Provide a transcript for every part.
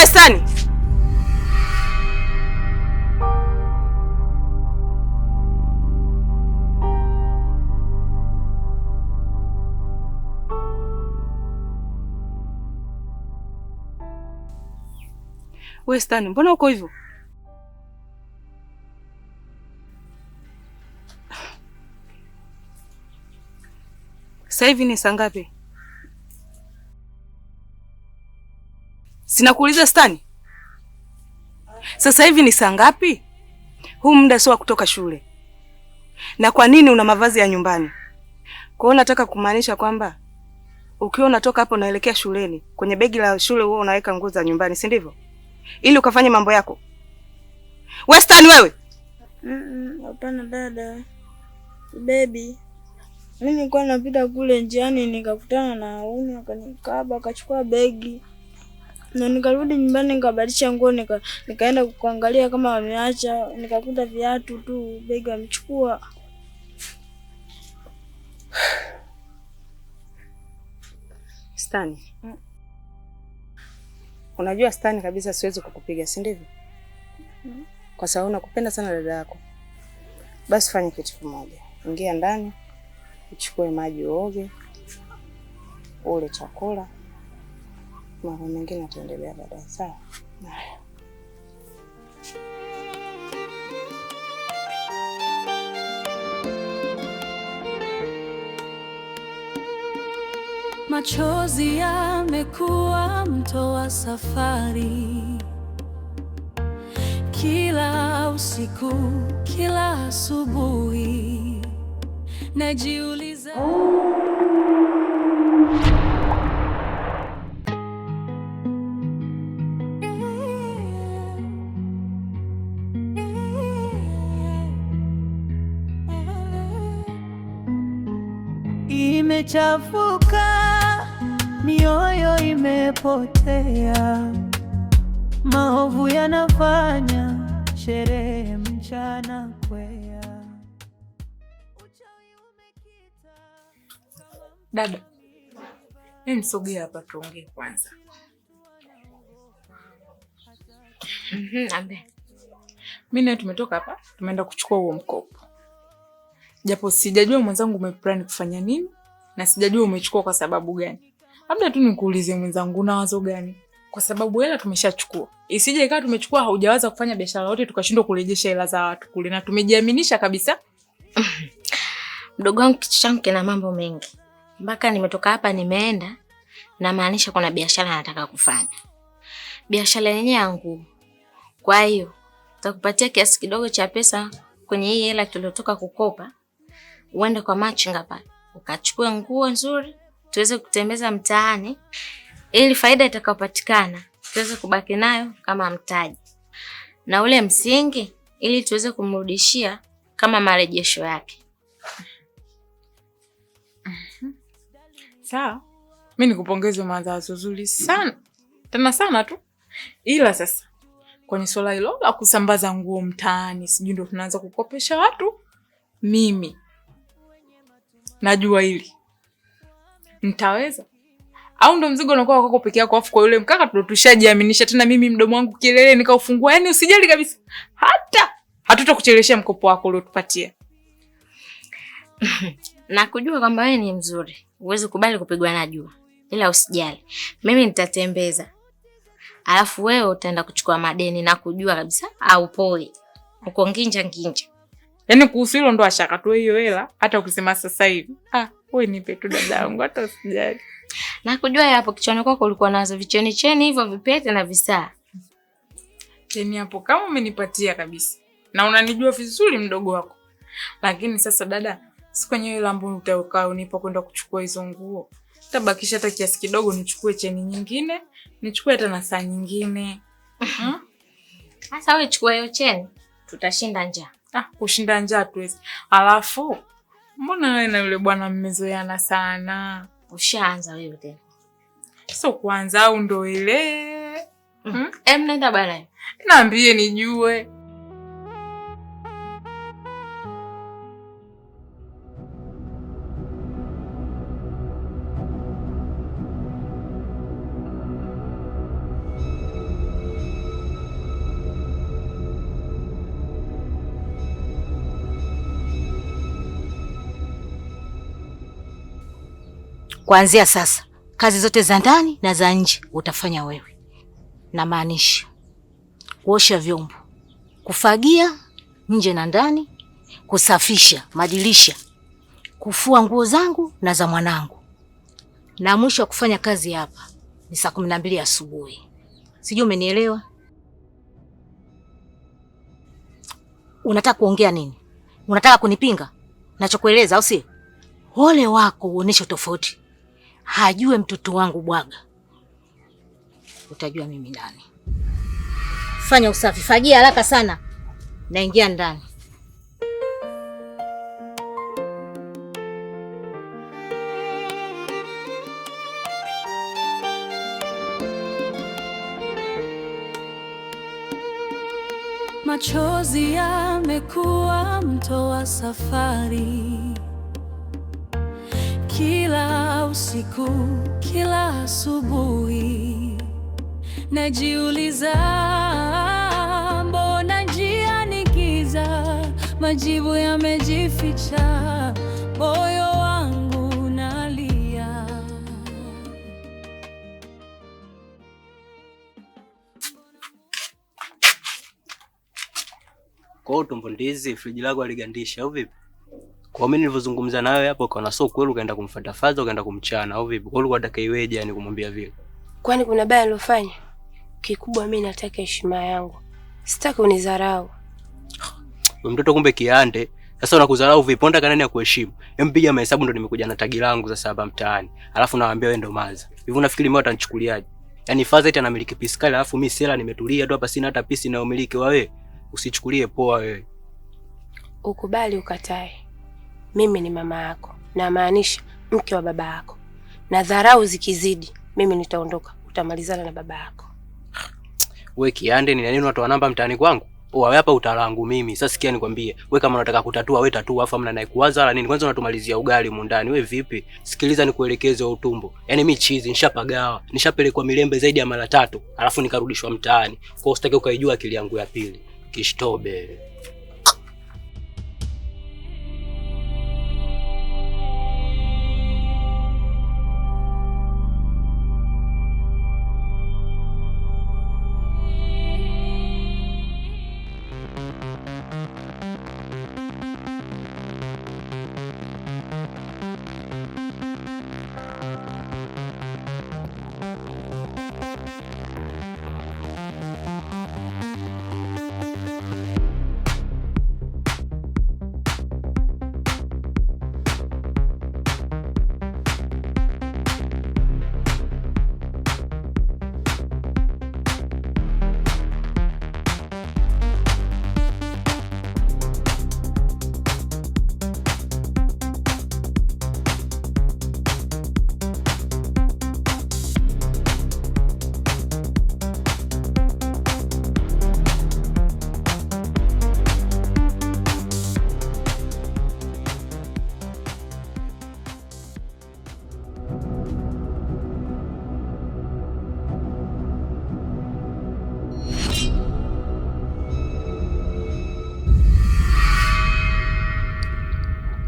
wastani. Westani, mbona uko hivyo? Sasa hivi ni saa ngapi? Sinakuuliza Stani, sasa hivi ni saa ngapi? Huu muda sio wa kutoka shule. Na kwa nini una mavazi ya nyumbani? Kwa hiyo nataka kumaanisha kwamba ukiwa unatoka hapo unaelekea shuleni, kwenye begi la shule huo unaweka nguo za nyumbani, si ndivyo? Ili ukafanye mambo yako. We Stani, wewe hapana. Mm -mm, dada Baby. Mimi nilikuwa napita kule njiani nikakutana na ume akanikaba akachukua begi na nikarudi nyumbani nikabadilisha nguo nika, nikaenda kuangalia kama wameacha, nikakuta viatu tu, begi wamechukua. Stani, mm. Unajua Stani kabisa siwezi kukupiga, si ndivyo? mm. Kwa sababu nakupenda sana dada yako. Basi fanye kitu kimoja, ingia ndani uchukue maji uoge, ule chakula mara mengine ataendelea baadaye. Sawa. Machozi yamekuwa mto wa safari, kila usiku, kila asubuhi najiuliza imechafuka, mioyo imepotea, maovu yanafanya sherehe mchana kwea. Dada, nisogea hapa tuongee kwanza. Mhm, Mi naye tumetoka hapa tumeenda kuchukua huo mkopo, japo sijajua mwenzangu umeplani kufanya nini na sijajua umechukua kwa sababu gani. Labda tu nikuulize mwenzangu, una wazo gani? Kwa sababu hela tumeshachukua, isije ikawa tumechukua haujawaza kufanya biashara yote tukashindwa kurejesha hela za watu kule, na tumejiaminisha kabisa. Mdogo wangu, kichwa changu kina mambo mengi, mpaka nimetoka hapa nimeenda, namaanisha kuna biashara nataka kufanya. Biashara yenyewe yangu, kwa hiyo takupatia kiasi kidogo cha pesa kwenye hii hela tuliotoka kukopa, uende kwa machinga pale ukachukue nguo nzuri tuweze kutembeza mtaani, ili faida itakayopatikana tuweze kubaki nayo kama mtaji, na ule msingi ili tuweze kumrudishia kama marejesho yake. Mm-hmm. Sawa, mi nikupongeze mawazo zuri sana tena sana tu, ila sasa kwenye swala hilo la kusambaza nguo mtaani, sijui ndo tunaanza kukopesha watu. Mimi najua hili ntaweza au ndo mzigo unakuwa wako peke yako, afu kwa yule mkaka ndo tushajiaminisha tena. Mimi mdomo wangu kileleni nikaufungua, yani usijali kabisa, hata hatutakucheleshea mkopo wako uliotupatia. Nakujua kwamba wewe ni mzuri, huwezi kubali kupigwa na jua, ila usijali, mimi nitatembeza, alafu wewe utaenda kuchukua madeni. Nakujua kabisa, au poi uko nginja nginja Yaani kuhusu hilo ndo ashaka tu hiyo hela, hata ukisema sasa hivi ah, wewe nipe tu dada yangu, hata usijali. kujua hapo kichwani kwako ulikuwa nazo vicheni cheni hivyo vipete na visaa. Cheni hapo kama umenipatia kabisa, na unanijua vizuri mdogo wako. Lakini sasa dada, si kwenye hiyo lambo utakaa unipa kwenda kuchukua hizo nguo, tabakisha hata kiasi kidogo, nichukue cheni nyingine, nichukue hata na saa nyingine. Hmm? Sasa wewe chukua hiyo cheni, tutashinda njaa. Ah, kushinda njaa tuwezi. Alafu mbona wewe na yule bwana mmezoeana sana? Ushaanza wewe tena. So kwanza au ndo ile? Mm. Hmm? Em, naenda bana. Naambie nijue. Kuanzia sasa kazi zote za ndani na za nje utafanya wewe, na maanisha kuosha vyombo, kufagia nje na ndani, kusafisha madirisha, kufua nguo zangu na za mwanangu, na mwisho wa kufanya kazi hapa ni saa kumi na mbili asubuhi. Sijui umenielewa? Unataka kuongea nini? Unataka kunipinga nachokueleza, au si? Ole wako uoneshe tofauti hajue mtoto wangu Bwaga, utajua mimi nani. Fanya usafi, fagia haraka sana, naingia ndani. Machozi yamekuwa mto wa safari kila usiku, kila asubuhi najiuliza, mbona njia ni giza? Majibu yamejificha, moyo wangu nalia. Kwa utumbo ndizi, friji lako aligandisha au vipi? Kwa mimi nilivyozungumza nayo hapo ukaona sio kweli, ukaenda kumfuata Fadha, ukaenda kumchana au vipi? Kwa hiyo unataka iweje yani kumwambia vile? Kwani kuna baya alilofanya? Kikubwa mimi nataka heshima yangu. Sitaki unidharau. Mtoto kumbe kiande. Sasa unakudharau vipi? Ponda kanani ya kuheshimu. Mpiga mahesabu ndo nimekuja na tagi langu sasa hapa mtaani. Alafu nawaambia wewe ndo maza. Hivi unafikiri mimi watanichukuliaje? Yaani Fadha eti anamiliki pisi kali alafu mimi sela nimetulia tu hapa sina hata pisi na umiliki wa wewe. Usichukulie poa wewe. Ukubali ukatae mimi ni mama yako, namaanisha mke wa baba yako, na dharau zikizidi, mimi nitaondoka, utamalizana na baba yako. We kiande, nina nini watu wanamba mtaani kwangu? Wawe hapa utalangu mimi. Sasa sikia nikwambie, we kama unataka kutatua we tatua, afu amna naikuwaza wala nini. Kwanza unatumalizia ugali mundani. We vipi? Sikiliza nikuelekeze wa utumbo. Yaani mi chizi nishapagawa, nishapelekwa Milembe zaidi ya mara tatu, alafu nikarudishwa mtaani. Kwa hiyo usitaki ukaijua akili yangu ya pili. Kishtobe.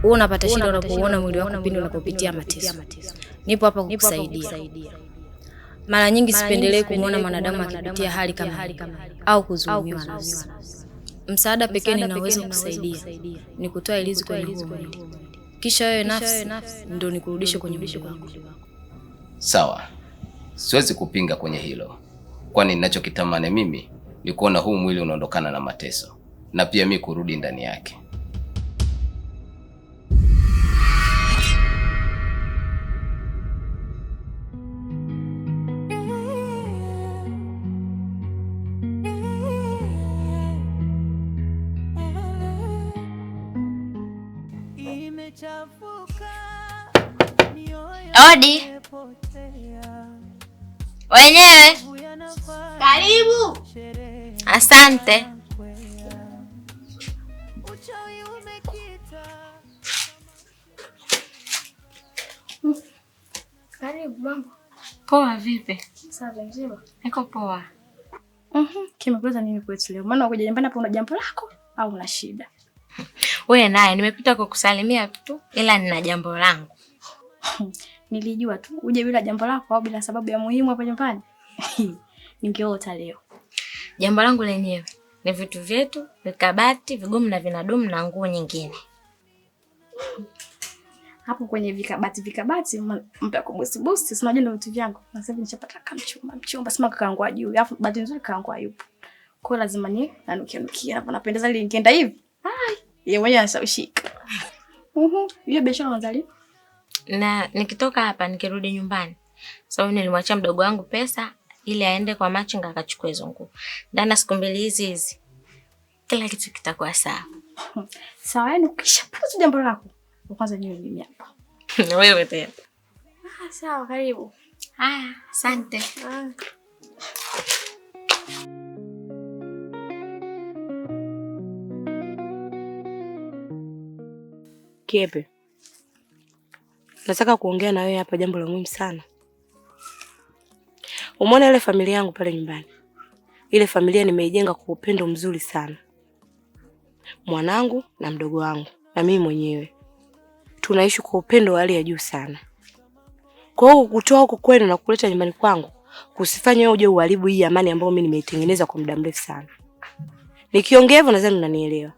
Wewe unapata shida unapoona mwili wako pindi unapopitia mateso. Nipo hapa kukusaidia. Mara nyingi sipendelee kumwona mwanadamu akipitia hali kama au kuzulumiwa nafsi. Msaada pekee ninaweza kukusaidia ni kutoa ilizi kwenye huu mwili, kisha wewe nafsi ndio nikurudishe kwenye mwili wako. Sawa, siwezi kupinga kwenye hilo, kwani ninachokitamani mimi ni kuona huu mwili unaondokana na mateso na pia mi kurudi ndani yake. Odi wenyewe, karibu. Asante. Poa vipi? Sawa Niko poa. Mhm, kimekuza nini kwetu leo? Maana unakuja nyumbani hapa una jambo lako au una shida? Wewe naye nimepita kukusalimia tu ila nina jambo langu. Nilijua tu uje bila jambo lako au bila sababu ya muhimu hapa nyumbani. Ningeota leo. Jambo langu lenyewe ni vitu vyetu, vikabati, vigumu na vinadumu na nguo nyingine. Hapo kwenye vikabati vikabati mtakubusibusi, busi, unajua ndio vitu vyangu. Na sasa nishapata kamchumba, mchumba sema kakaangua juu. Alafu bahati nzuri kakaangu yupo. Kwa lazima ni nanukia nukia. hapa, napendeza ile ingeenda hivi. Ai, yeye mwenyewe anashawishika. Mhm, hiyo biashara mwanzali na nikitoka hapa nikirudi nyumbani, sababu so, nilimwachia mdogo wangu pesa ili aende kwa machinga akachukue hizo nguo. Ndani ya siku mbili hizi hizi kila kitu kitakuwa sawa sawa. Yani ukishapuza jambo lako kwanza nyinyi hapa wewe tena. Ah, sawa, karibu. Haya, asante. Ah. Kiepe, nataka kuongea na wewe hapa jambo la muhimu sana. Umeona ile familia yangu pale nyumbani, ile familia nimeijenga kwa upendo mzuri sana. Mwanangu na mdogo wangu na mimi mwenyewe tunaishi kwa upendo wa hali ya juu sana. Kwa hiyo kutoa huko kwenu na kuleta nyumbani kwangu kusifanye wewe uje uharibu hii amani ambayo mimi nimeitengeneza kwa muda mrefu sana. Nikiongea hivyo nadhani unanielewa.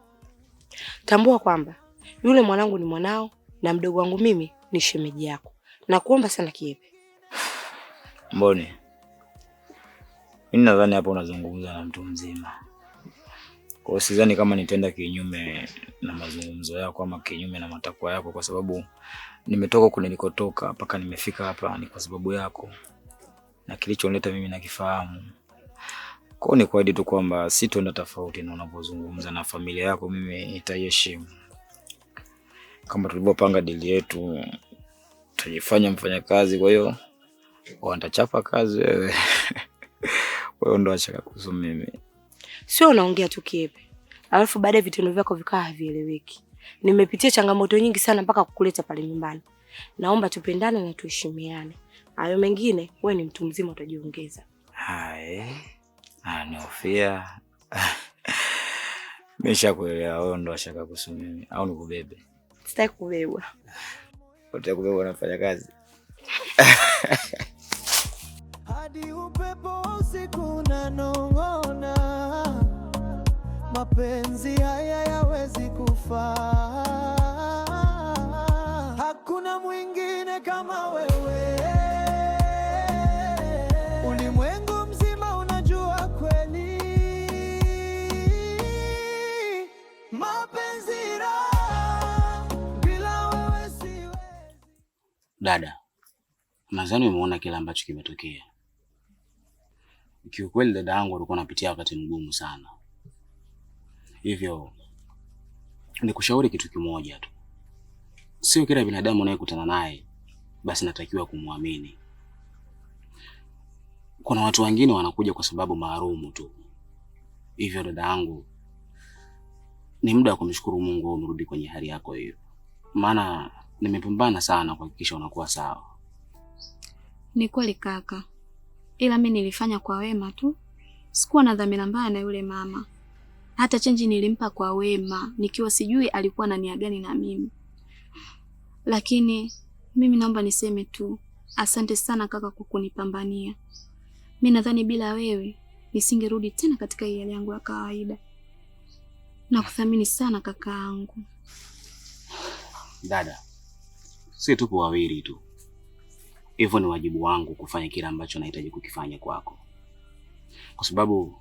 Tambua kwamba yule mwanangu ni mwanao na mdogo wangu mimi ni shemeji yako. Nakuomba sana Kiepe. Mboni, mimi nadhani hapo unazungumza na mtu mzima, kwa hiyo sidhani kama nitaenda kinyume na mazungumzo yako ama kinyume na matakwa yako, kwa sababu nimetoka kule nilikotoka mpaka nimefika hapa ni kwa sababu yako na kilichonileta mimi nakifahamu. Kwa hiyo ni nikuahidi tu kwamba sitaenda tofauti na unapozungumza na familia yako, mimi nitaiheshimu kama tulivyopanga dili yetu utajifanya mfanyakazi, kwa hiyo wanitachapa kazi wewe. Kwa hiyo ndo wachaka kuhusu mimi, sio unaongea tu kiepe, alafu baada ya vitendo vyako vikaa havieleweki. Nimepitia changamoto nyingi sana mpaka kukuleta pale nyumbani. Naomba tupendane na tuheshimiane, hayo mengine we ni mtu mzima utajiongeza. Hai, anihofia Nishakuelewa, wewe ndo washaka kuhusu mimi au nikubebe? Sitaki kubebwa. Unataka kubebwa kazi hadi upepo usiku nanong'ona, mapenzi haya yawezi kufa, hakuna mwingine kama wewe. Dada, nadhani umeona kile ambacho kimetokea. Kiukweli dada yangu alikuwa anapitia wakati mgumu sana, hivyo nikushauri kitu kimoja tu, sio kila binadamu unayekutana naye basi natakiwa kumwamini. Kuna watu wengine wanakuja kwa sababu maalumu tu, hivyo dada yangu, ni muda wa kumshukuru Mungu umerudi kwenye hali yako hiyo, maana nimepambana sana kuhakikisha unakuwa sawa. Ni kweli kaka, ila mi nilifanya kwa wema tu, sikuwa na dhamira mbaya na yule mama. Hata chenji nilimpa kwa wema, nikiwa sijui alikuwa na nia gani na mimi. Lakini mimi naomba niseme tu asante sana kaka kwa kunipambania. Mi nadhani bila wewe nisingerudi tena katika hali yangu ya kawaida. Nakuthamini sana kakaangu. Dada sio tupo wawili tu. Hivyo ni wajibu wangu kufanya kile ambacho nahitaji kukifanya kwako, kwa sababu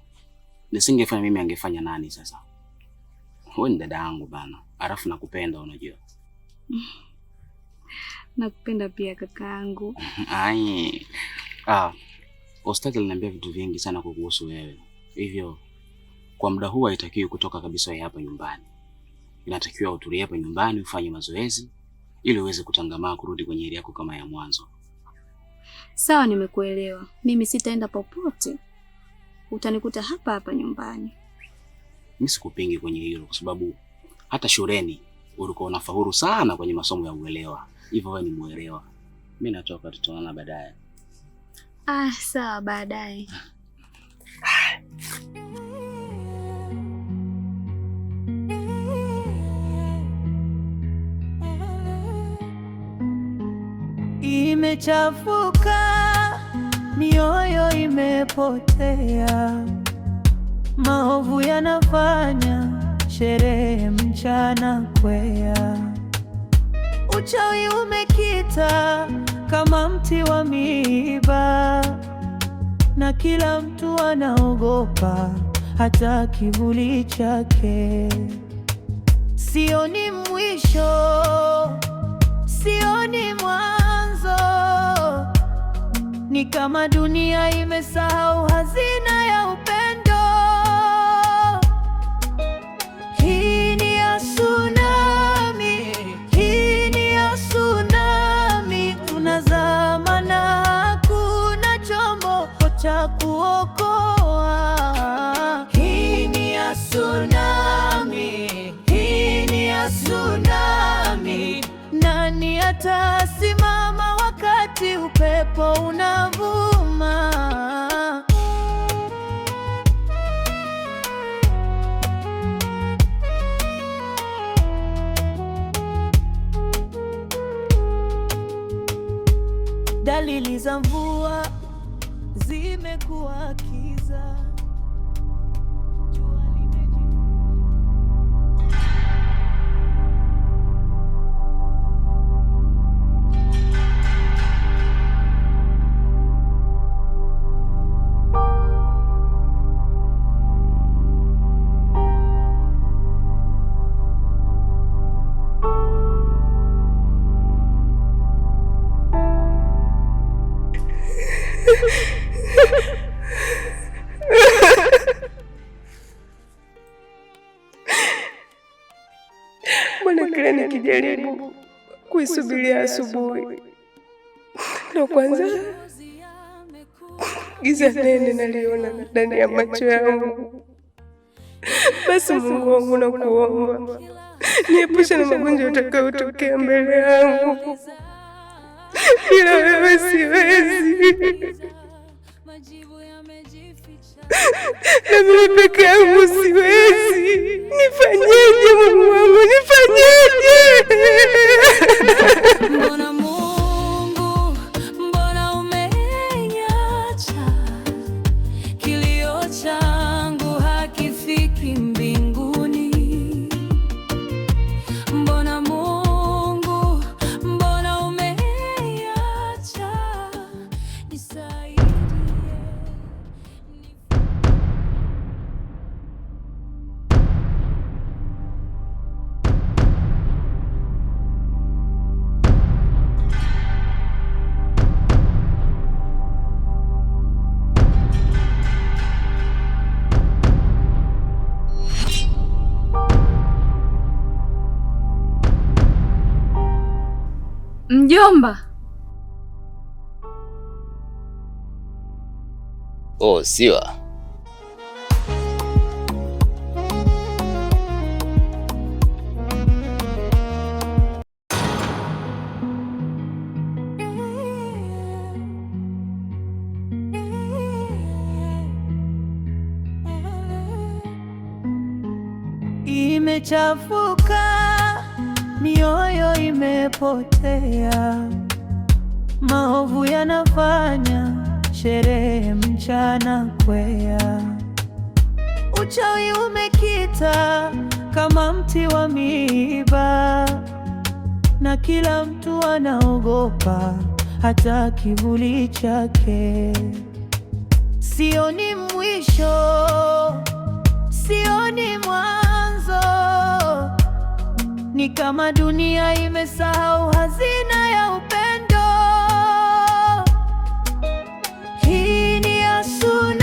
nisingefanya mimi, angefanya nani? Sasa wewe ni dada yangu bana, alafu nakupenda, unajua nakupenda pia kaka yangu. Ai, ah, Ostaki aliniambia vitu vingi sana kukuhusu wewe, hivyo kwa muda huu haitakiwi kutoka kabisa hapa nyumbani, inatakiwa utulie hapa nyumbani ufanye mazoezi ili uweze kutangamaa kurudi kwenye hali yako kama ya mwanzo. Sawa, nimekuelewa. Mimi sitaenda popote, utanikuta hapa hapa nyumbani. Mimi sikupingi kwenye hilo, kwa sababu hata shuleni ulikuwa unafaulu sana kwenye masomo ya uelewa, hivyo wewe ni muelewa. Mimi natoka, tutaona baadaye. Ah, sawa, baadaye. Ah. imechafuka, mioyo imepotea, maovu yanafanya sherehe mchana kwea, uchawi umekita kama mti wa miiba, na kila mtu anaogopa hata kivuli chake. Sioni mwisho sioni mwanzo, ni kama dunia imesahau hazina ya upendo. yatasimama wakati upepo unavuma. Dalili za mvua kuisubiria asubuhi na kwanza giza nene naliona ndani ya macho yangu. Basi Mungu wangu na kuomba niepushe na magonjwa utakayotokea mbele yangu, ila wewe siwezi na mimi peke yangu siwezi. Nifanyeje? Mungu wangu, nifanyeje? Mjomba. Oh, siwa. Imechafuka mioyo imepotea, maovu yanafanya sherehe mchana kwea, uchawi umekita kama mti wa miiba, na kila mtu anaogopa hata kivuli chake. Sioni mwisho, sioni Ni kama dunia imesahau hazina ya upendo. Hii ni ya